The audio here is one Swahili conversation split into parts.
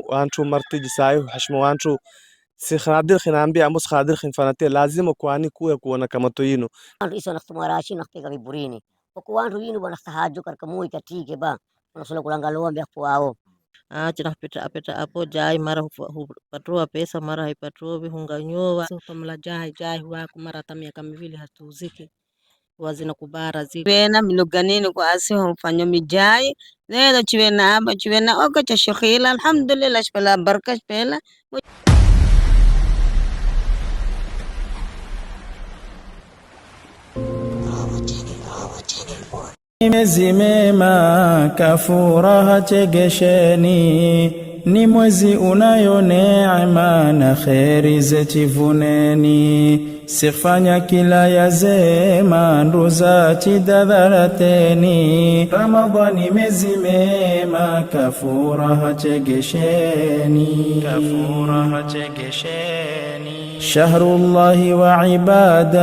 wantu marti jisayo hashmo wantu si khanadir khinambi amos khadir khinfanate lazima kwani kuwe kuona kama to yino antu iso nakhtumarashi nakhpika biburini oku wantu yino bwana sahajo karka mui katike ba nasolo kulanga lombe akwao achi nakhpita apita apo jai mara hupatua pesa mara haipatuo bihunganyowa so pamla jai jai wako mara hata miaka miwili hatuzike wazina kubara ziwena minuganini kwa asi hufanyo mijai neno chiwena aba chiwena oka cha shekhila alhamdulillah shpela baraka shpela Miezi mema kafuraha chegesheni, ni mwezi unayo neema na kheri zetivuneni sifanya kila yazema nduza chidadharateni Ramadhani mezi mema kafura hachegesheni, kafura hachegesheni. Shahrullahi wa ibada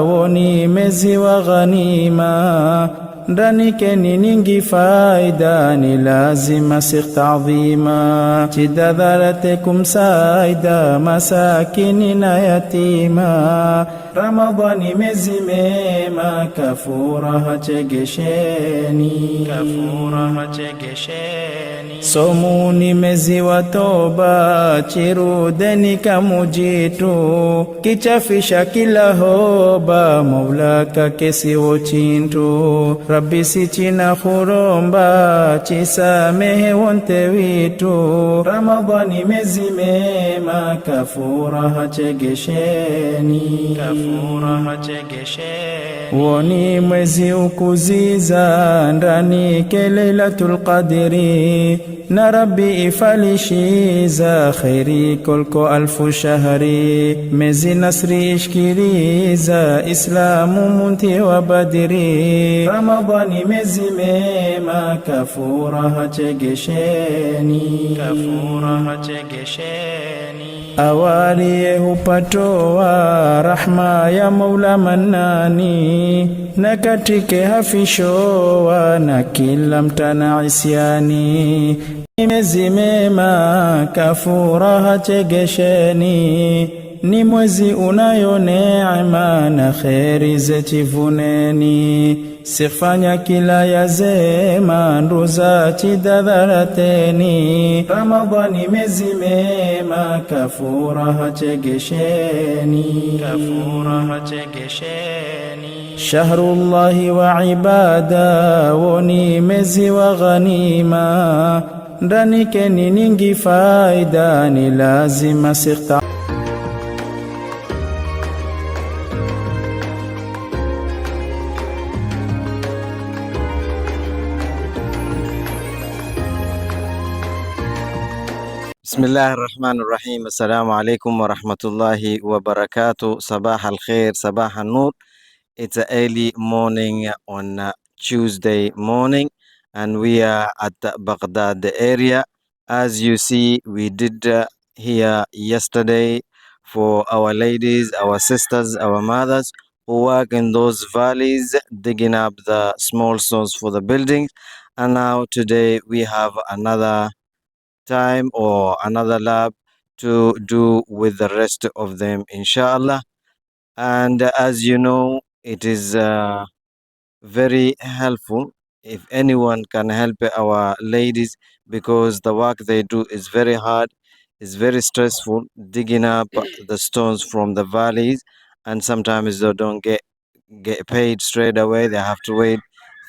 woni mezi wa ghanima ndanike ni ningi faida ni lazima sikht adhima chidadharate kumsaida masakini na yatima Ramadhani mezi mema kafura hachegesheni kafura hachegesheni Somuni mezi wa toba, chirudeni kamujitu, kichafisha kila hoba, Maula kakesi wo chintu, Rabbi si china khuromba, chisamehe wonte witu, Ramadhani mezi mema, kafura hachegesheni, kafura hachegesheni, woni mwezi ukuziza, ndani kelela tulqadiri na Rabbi ifalishi za khairi kolko alfu shahri mezi nasri ishkiri za Islamu munti wa badiri Ramadhani mezi mema kafura hachegesheni kafura hachegesheni awaliye hupatoa rahma ya maula Manani na katike hafishoa na kila mtana isyani Miezi mema kafuraha chegesheni, ni mwezi unayo neema na kheri zechivuneni. Sifanya kila ya zema nduza chidadharateni. Ramadhani mezi mema kafura chegesheni, kafura chegesheni. Shahrullahi wa ibada woni mezi wa ghanima ndani ke ni ningi faida ni lazima sikta بسم الله الرحمن الرحيم السلام عليكم ورحمة الله وبركاته صباح الخير صباح النور It's a early morning on Tuesday morning and we are at Baghdad area. As you see, we did uh, here yesterday for our ladies, our sisters, our mothers who work in those valleys, digging up the small stones for the building. And now today we have another time or another lab to do with the rest of them, inshallah. And as you know, it is uh, very helpful if anyone can help our ladies because the work they do is very hard is very stressful digging up the stones from the valleys and sometimes they don't get get paid straight away they have to wait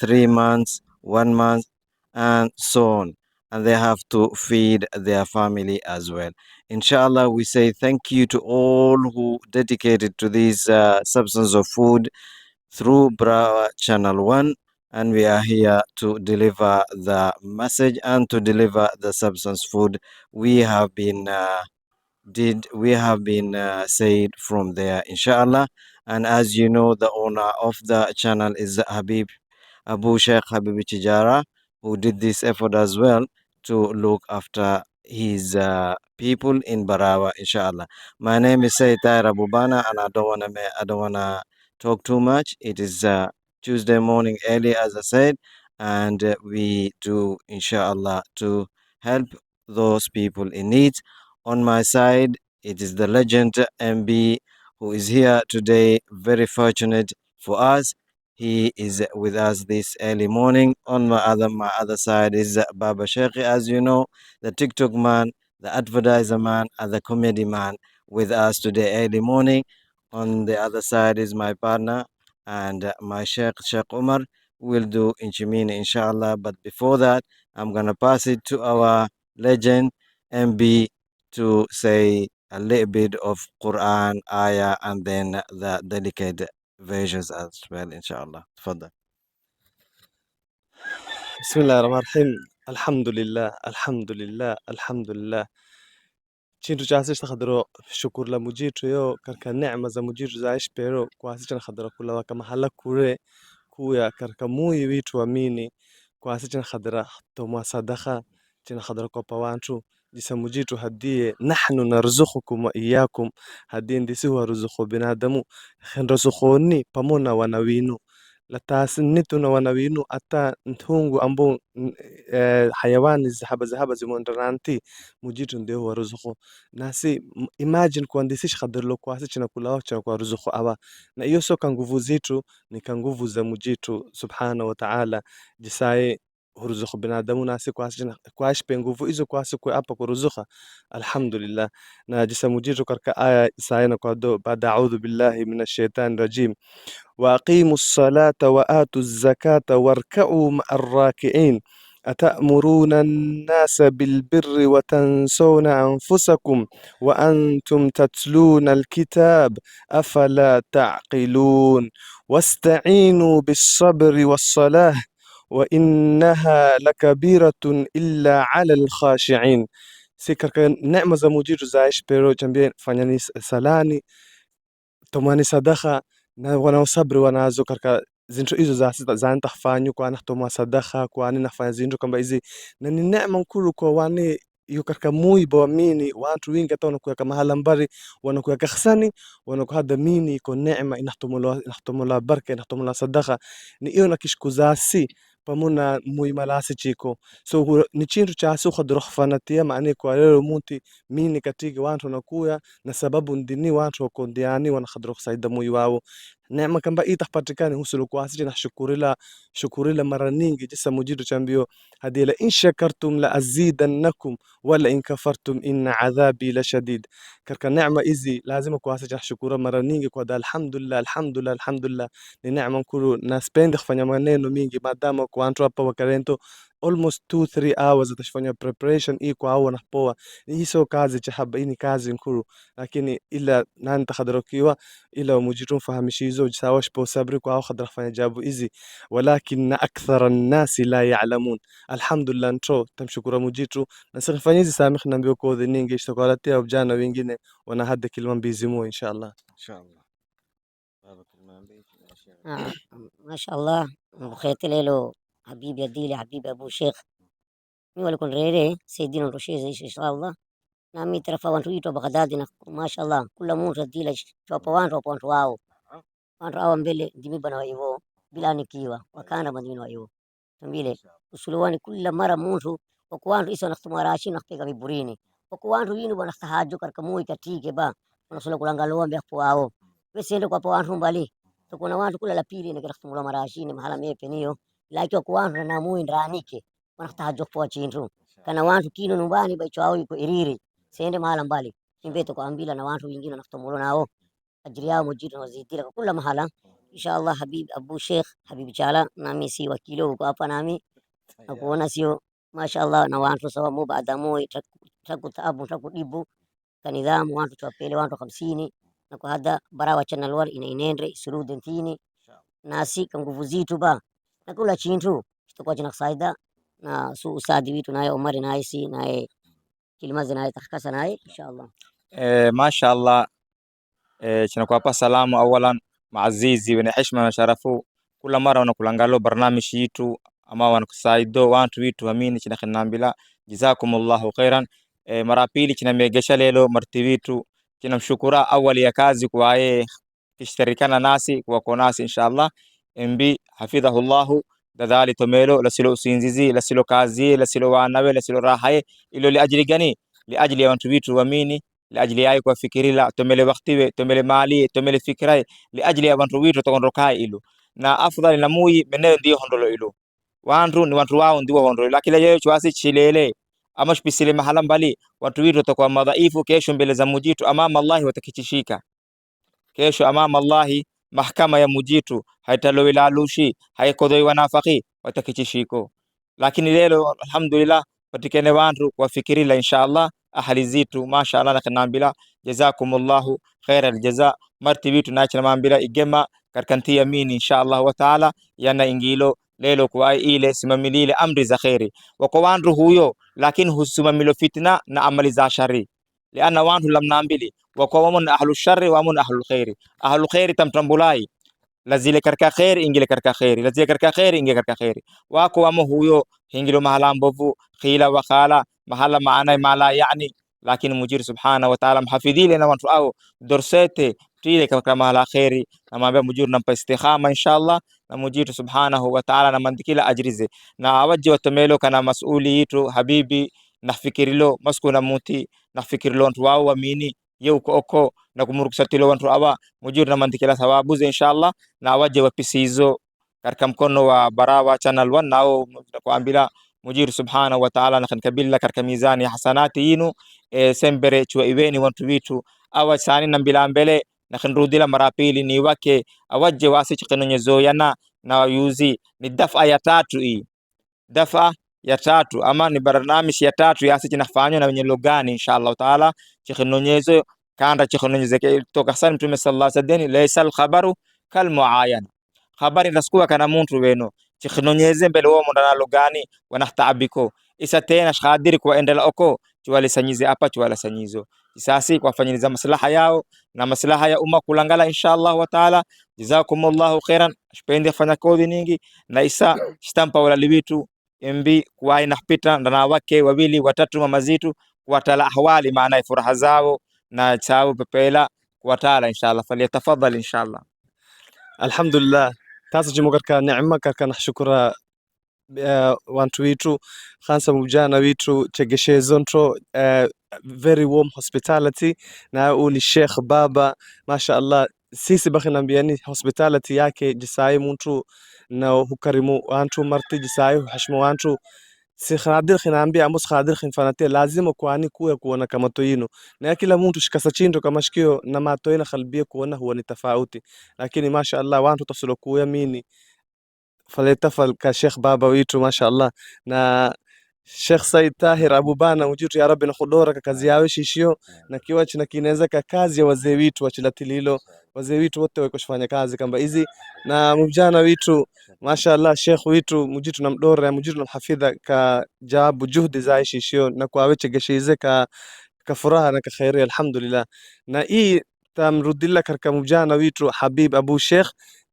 three months one month and so on and they have to feed their family as well inshallah we say thank you to all who dedicated to this uh, substance of food through bra Channel 1 and we are here to deliver the message and to deliver the substance food we have been uh, did we have been uh, said from there inshallah and as you know the owner of the channel is habib abu sheikh habib Chijara, who did this effort as well to look after his uh, people in barawa inshallah my name is Sayyid Abubana and i don't want to i don't want to talk too much it is uh, Tuesday morning early, as I said, and uh, we do, inshallah, to help those people in need. On my side, it is the legend MB who is here today, very fortunate for us. He is with us this early morning. On my other my other side is Baba Sheikh, as you know, the TikTok man, the advertiser man, and the comedy man with us today early morning. On the other side is my partner, and uh, my Sheikh, Sheikh Umar will do in Jemina, inshallah. But before that, I'm going to pass it to our legend, MB, to say a little bit of Quran, ayah, and then the delicate versions as well, inshallah. Further. Bismillah Alhamdulillah, Alhamdulillah, Alhamdulillah. Chintu chasishta khadaro shukura mujicho yo karka necma za mujicho zaishpero e kwasichana khadaro kulawa kamahala kure kuya karka muyi wichu wamini kwasichana khadara tomwa sadaka china khadara kwa pawanchu jisa mujicho hadie nahnu narzuhukum wa iyakum hadie ndisi huwaruzukhu binadamu ndosokhoni e pamona wana winu lataasnituna wanawinu ata ntungu ambu e, hayawani zahaba zahaba zimondrananti mujitu ndio wa ruzuku nasi imagine kuandisish qadirlo kwasi kulao cha kwa ruzuku awa na iyo soka nguvu zitu ni kanguvu za mujitu subhana wa ta'ala jisaye huruzuku binadamu nasi kuishi kwa nguvu hizo kwasi kwa hapa kuruzukha alhamdulillah na jisamujizwa katika aya isayana kwa do baada audhu billahi minash shaitani rajim wa aqimu ssalata wa atu zakata warka'u ma'ar raki'in atamuruna an-nasa bil birri wa tansawna anfusakum wa antum tatluna al-kitab afala taqilun wasta'inu bis sabri was salah wa innaha lakabiratun illa ala alkhashiin. Si katika neema za mujitu za Aishi Pero chambia fanyani salani tomani sadaka na wanaosabri wanazo katika zinto hizo za sita za ntafanyu kwa anatoma sadaka kwa na nafanya zinto kamba izi na ni neema nkuru kwa wani iyo katika muiba wamini watu wingi hata wanakuya mahala mbari wanakuya kakhsani wanakuya dhamini iko neema inahtomola baraka inahtomola sadaka ni iyo na kishkuzaasi pamuna mui malasi chiko so ni chintu cha sukha drokhfanatia maana kwa lelo muti mini katiki wantu nakuya na sababu ndini wantu wakondiani wanakhadroksaida mui wawo neema kamba itapatikane husulu kuasije na shukurila shukurila mara nyingi jisa mujidu chambio hadila in shakartum la azidannakum wala in kafartum in adhabi la shadid karka neema izi lazima kuasije na shukura mara nyingi kwa alhamdulillah alhamdulillah alhamdulillah ni neema nkuru na spendi kufanya maneno mingi madama kwa antu hapa wakarento almost 2 3 hours atashifanya preparation hii kwa awana poa. Hii sio kazi chahaba, hii ni kazi nkuru, lakini ila nanta khadarokiwa ila mujitun fahamishizo jisawash po sabri kwa khadra fanya jabu hizi walakin akthara nasi la yaalamun. Alhamdulillah, ntro tamshukura mujitu na sifanya hizi samih na mbio kwa ningi ishtakalatia vijana wengine wana hadi kilima mbizi mu inshallah, inshallah ah, mashaallah mkheti lelo حبيب يا ديلي حبيب يا ابو shekh miwali kunrere saidina ndosheze inshallah nami tarafa wantu itwa Baghdadi na mashallah kula muntu adila chwapa wantu apo wantu wao wantu awa mbele ndimibana waivo bila nikiwa wakana mandimini waivo tambile usuluwani kula mara muntu wako wantu isa nakhtumarashi nakhpeka miburini wako wantu yini bwana tahajjo karka mui katike ba unasula kulanga lombe apo wao wesende kwa pa mbali tukuna wantu kula la pili nikirakhtumula marashini mahala mepe niyo laitwako wantu nanamuyi ndaanike wanahtahajopoa chintu kana wantu kino numbani baichwao iko iriri sende mahala mbali imbeto kwaambila na wantu wingine naftomolo nao ajili yao na nawazidira kwa kula mahala insha Allah habibi abu sheikh habibi chala nami si wakili huko hapa nami nakuona sio Allah na wantu sawa sawamu baadamu takutaabu takudibu kanidhamu wantu twapele wantu hamsini na kwa hada barawa channel wal ina inendre surudentini nasi ka nguvu zitu ba nakula chintu kitakuwa china kusaida na su usadi witu naye Omari naye si naye Kilimazi naye Kahkasa naye inshallah. Eh, mashaallah eh, china pa salamu awalan maazizi wenye heshima na sharafu, kula mara wanakulangalo barnamish yitu ama wanakusaido wantu witu amini china khinambila jazakumullahu khairan. Eh, mara pili china megesha lelo marti witu china mshukura awali ya kazi kwa kwaye kishtarikana nasi kwa kuwako nasi inshallah mb hafidhahullahu dadali tomelo lasilo usinzizi lasilo kazi lasilo wanawe lasilo raha ye ilo liajili gani Li liajili ya watu vitu wamini liajili yaye kuwafikirila tomele waktiwe tomele mali tomele li liajili ya watu vitu tokondokaye ilo na afdhali na muyi meneyo ndiyo hondolo ilo wantu ni wantu wao ndiwo hondolo lakini yeye chwasi chilele ama shpisile mahala mbali watu vitu watakuwa madhaifu kesho mbele za mujitu amama Allahi watakichishika kesho amama Allahi mahakama ya mujitu haitalowi la lushi haikodoiwa wanafaki watakichishiko lakini leo alhamdulillah patikene wandu kuwafikirila inshallah ahali zitu mashallah nakinambila jazakumullahu khaira aljaza marti vitu nachinamambila igema karkantiya mini inshallah wa taala yana ingilo lelo kuwai ile simamilile amri za khairi wako wandu huyo lakini husimamilo fitna na amali za shari liana wantu lamna mbili wako na ahlu shari na ahlu khairi ahlu khairi tamtambulai lazile karka khairi ingile karka khairi lazile karka khairi ingile karka khairi wako wamo huyo hingilo mahala mbovu khila wa khala mahala maana mala yani lakini mujiri subhana wa taala mhafidhile na wantu au dorsete tile kama mahala khairi na mambia mujiri nampa istikhama inshallah na mujiri subhanahu wa taala na mandikila ajrize na awaji watomelo kana masuli yitu habibi nafikirilo na muti nafikirilo wantu wao wamini uko oko na tilo wantu awa mujuri na mantikila sababu ze inshallah na waje wa wapisizo katika mkono wa Barawa Channel 1 nao kuambila mujiri subhanahu wa ta'ala nakhankabila katika mizani ya hasanati yinu e, sembere chwa iweni wantu vitu awa sani na mbila mbele nakhanrudila mara pili ni wake awaje wasi yana na yuzi ni dafa ya tatu hii dafa ya tatu ama ni barnamish ya tatu yasi chinafanywa na wenye lugani inshallah taala chikhinonyezo kanda chikhinonyezeke kutoka sana mtume sallallahu alaihi wasallam laysa alkhabaru kalmuayan habari nasikuwa kana mtu wenu chikhinonyeze mbele wao mndana na lugani wanahtaabiko isa tena shadiri kwa endela oko chiwalisanyize apa chiwalasanyizo isasi fanyiliza maslaha yao na maslaha ya umma kulangala inshallah wa taala jazakumullahu khairan shpende fanya kodi nyingi na isa shtampa wala libitu MB kuwa inapita ndana wake wawili watatu mamazitu kuwatala ahwali maana furaha zao na chao pepela kuwatala inshallah falyatafadhal inshallah alhamdulillah tasa jimo karka neema karka nashukura uh, eh, wantu witu khansa mujana witu chegeshe zontro uh, eh, very warm hospitality na u ni Sheikh Baba mashaallah sisi bakhinambiani hospitality yake jisai mtu na hukarimu wantu martijisayo hashmo wantu si khadir khinambi amos khadir khinfanate lazima kwani kuwe kuona kama toyino na kila mtu shikasa chindo kama shikio na matoyina khalbia kuona huwa ni tofauti lakini masha Allah wantu tafsilo kuya mini faleta ka Sheikh baba witu masha Allah na Sheikh Said Tahir Abubana ujutu ya rabbi na khudora ka kazi yawe shishio na kiwa china kinaweza ka kazi ya wazee witu wa chilatililo wazee witu wote wako kufanya kazi kamba hizi na mvijana witu mashaallah sheikh witu mujitu na mdora mujitu na hafidha ka jawabu juhudi za shishio na kwa weche geshize ka ka furaha na ka khairi alhamdulillah na hii tamrudilla karka mjana witu Habib Abu Sheikh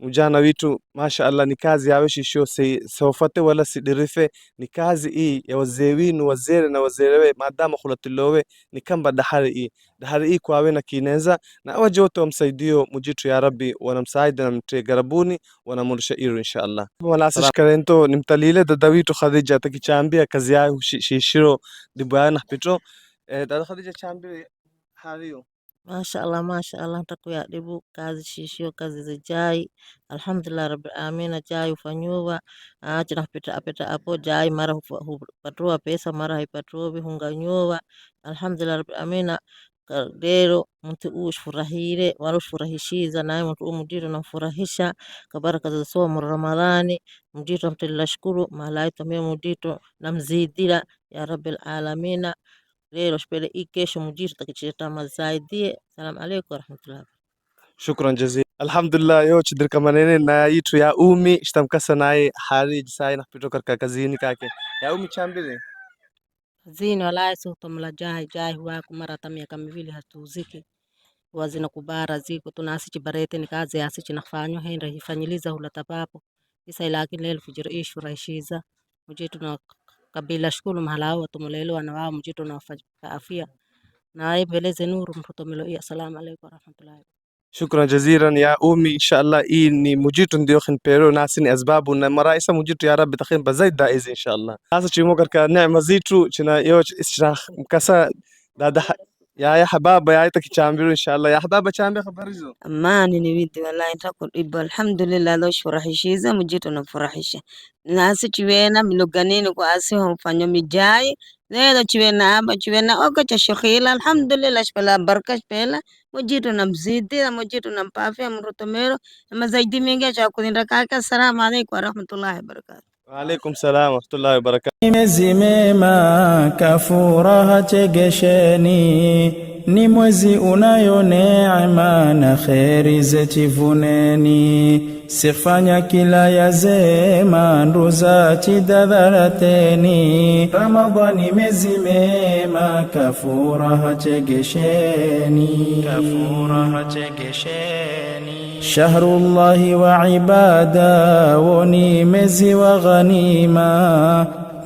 ujana witu mashaallah, ni kazi yaweshisho sewafate wala sidirife ni kazi iyi ya wazee winu wazere na wazerewe maadama kulatilowe ni kamba dahari iyi dahari kwawe na kineza na awaje wote wamsaidio mujitu ya rabbi wanamsaida na mte garabuni wanamurisha iru inshaallah ni mtalile dada witu khadija takichambia kazi yayo shishiro dibu yayo nahpito eh, dada khadija chambie hariyo Maasha Maasha ntakuya dhibu kazi shishio kazi zijai alhamdulillah rabbil alamina jai hufanyiwa achina pita apita apo jai mara hupatua pesa mara bihunga hunganyowa alhamdulillah rabbil alamina rero muntu ushfurahire warushfurahishiza naye muntu umudiro kabara kazi za somo ramadhani mudito mtelila shukuru malayi tamie na mzidira ya rabbil alamina lelo shpele hii kesho mujiri takichitama zaidie. Salamu alaykum warahmatullahi shukran jazil alhamdulillah yo chidirka manene na yitu ya umi shitamkasa naye hariji sai napito karka kazini kake ya umi chambile zini walaye sihutomla jahi jahi wako mara ta miaka miwili hatuziki wazina kubara ziko tunasi barete ni kazi yasi chinafanywa hendra hifanyiliza hulatapapo isa lelo leo ishu raishiza mujitu na Kabila shukuru mahala hao watumulelo wana wao mjito na afia na aibeleze nuru mtoto mfutomelo ya salamu alaykum warahmatullahi Shukran jazira ya umi inshallah i ni mujitu ndio khin pero na sin asbabu na maraisa mujitu ya rabbi takhin ba zaid daiz inshallah asa chimo karka neema zitu china yo china mkasa dada ya ya hababa ya ita inshallah ya hababa chambe habari hizo amani ni widi wallahi ntakuiba alhamdulillah lo shurahishiza mujito na furahisha nasi chiwena miluganini kwa asi hofanyo mijai lelo chiwena aba chiwena oka cha shakhila alhamdulillah shpela barka shpela mujito na mzidi na mujito na mpafe mrutomero na mazaidi mingi cha kulinda kaka salamu alaykum wa rahmatullahi Alaikum salam warahmatullahi wabarakatuh. Ni mema kafura hachegesheni, ni mwezi unayo neema na kheri zetivuneni sifanya kila yazema nduza chidadharateni Ramadhani mezi mema kafura hachegesheni kafura hachegesheni Shahrullahi wa ibada woni mezi wa ghanima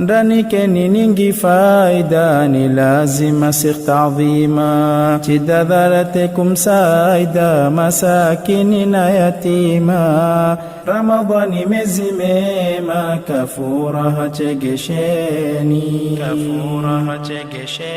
ndanikke nini ngi faayda ni lazima siq تعظيما ci dadaalate kum saayda na yatima Ramadhani mezi mema, kafura hachegesheni, kafura hachegesheni.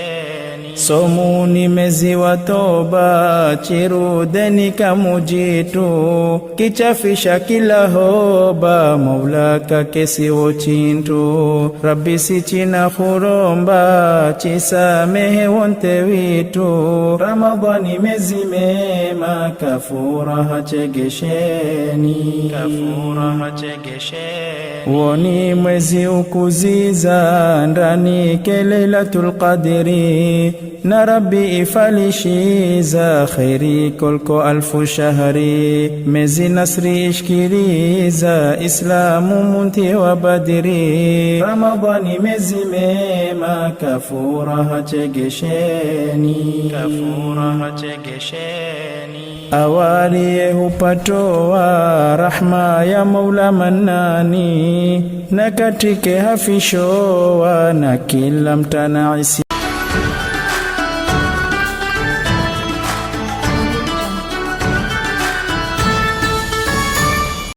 Somu ni mezi wa toba, chirudeni kamujitu, kichafisha kila hoba, Maula kakesi wochintu. Rabbi si china khuromba, chisamehe wonte witu. Ramadhani mezi mema, kafura hachegesheni, kafura woni mwezi ukuziza ndani Kelailatul Qadri, na Rabbi ifalishiza kheri kolko alfu shahri, mezi nasri ishkiriza Islamu munti wa Badri. Ramadhani mezi mema kafura hachegesheni, kafura hachegesheni, awalie hupatoa rahma ya Mola Manani, na katike hafisho na kila mtanaisi